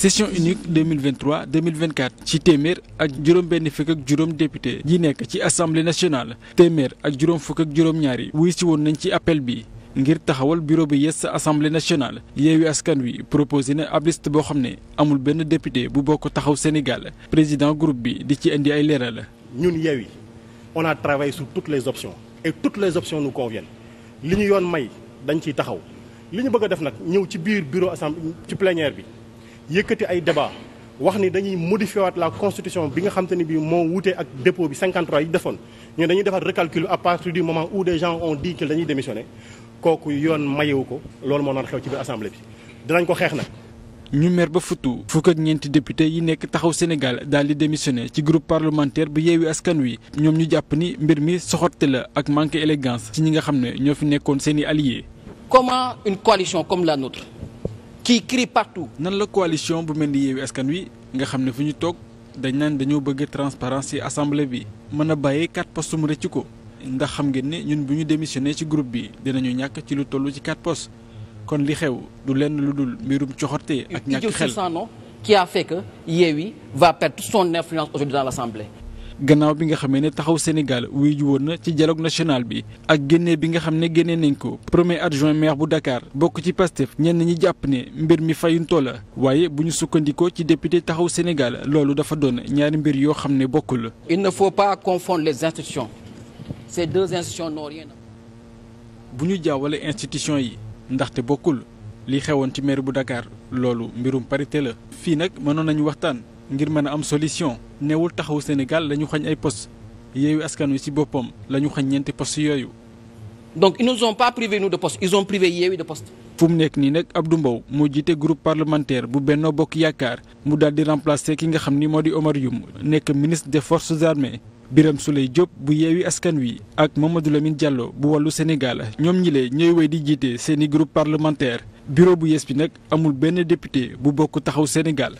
session unique 2023 2024 ci téeméer ak juróom-benn fukk ak juróom député yi nekk ci assemblée nationale téeméer ak juróom fukk ak juróom-ñaari wuy si woon nañ ci appel bi ngir taxawal bureau bi yes sa assemblée nationale yeewi askan wi proposé na ab liste boo xam ne amul benn député bu bokk taxaw Sénégal président groupe bi di ci indi ay la ñun yeewi on a travaillé sur toutes les options et toutes les options nous conviennent li ñu yoon may dañ ciy taxaw li ñu bëgg a def nag ñëw ci biir bureau assemblée ci bi. yëkkati ay débat wax ni dañuy modifié waat la constitution bi nga xam te ni bii moo wutee ak dépôt bi 53 yi defoon ñu dañuy defar recalcul à partir du moment où des gens ont dit que dañuy démissionné kooku yoon mayewu ko loolu moo doon xew ci biir assemblée bi dinañ ko xeex na ñu mer ba futtu fukk ak ñeenti député yi nekk taxaw Sénégal daal di démissionné ci groupe parlementaire bi yeewi askan wi ñoom ñu jàpp ni mbir mi soxorte la ak manque élégance ci ñi nga xam ne ñoo fi nekkoon seen i alliés. comment une coalition comme la nôtre. qui crie partout. nan la coalition bu mel ni Yewwi Askan Wi nga xam ne fu ñu toog dañ naan dañoo bëgg transparence ci assemblée bi mën a bàyyee quatre postes mu rëcc ko ndax xam ngeen ne ñun bu ñu démissionné ci groupe bi dinañu ñàkk ci lu toll ci quatre pos kon li xew du lenn lu dul mbirum coxorte ak ñàkk xel qui a fait que Yewwi va perdre toute son influence aujourd'hui dans l'assemblée gannaaw bi nga xamee ne taxaw Sénégal wuy ju na ci dialogue national bi ak génne bi nga xam ne génnee nañ ko premier adjoint maire bu Dakar bokk ci Pastef ñenn ñi jàpp ne mbir mi fayuntoo la waaye bu ñu sukkandikoo ci député taxaw Sénégal loolu dafa doon ñaari mbir yoo xam ne bokkul. il ne faut pas confondre les institutions ces deux institutions n'ont rien. bu ñu jaawale institutions yi ndaxte bokkul li xewoon ci maire bu Dakar loolu mbirum parité la. fii nag mënoon nañu waxtaan. ngir mën a am solution neewul taxawu Sénégal la ñu xañ ay poste yeewu askan wi ci boppam la ñu xañ ñeenti poste yooyu. donc ils ne nous ont pas privé nous de poste ils ont privé yeewi de poste. fu mu nekk nii nag Abdou Mbow moo jiite groupe parlementaire bu Benno Bokk Yaakaar mu daal di remplacer ki nga xam ni moo di Omar Youm nekk ministre des forces armées Birame Souleye Diop bu yeewi askan wi ak Mamadou Lamine Diallo bu wàllu Sénégal ñoom ñi lee ñooy wéy di jiite seeni groupe parlementaire bureau bu yees bi nag amul benn député bu bokk taxaw Sénégal.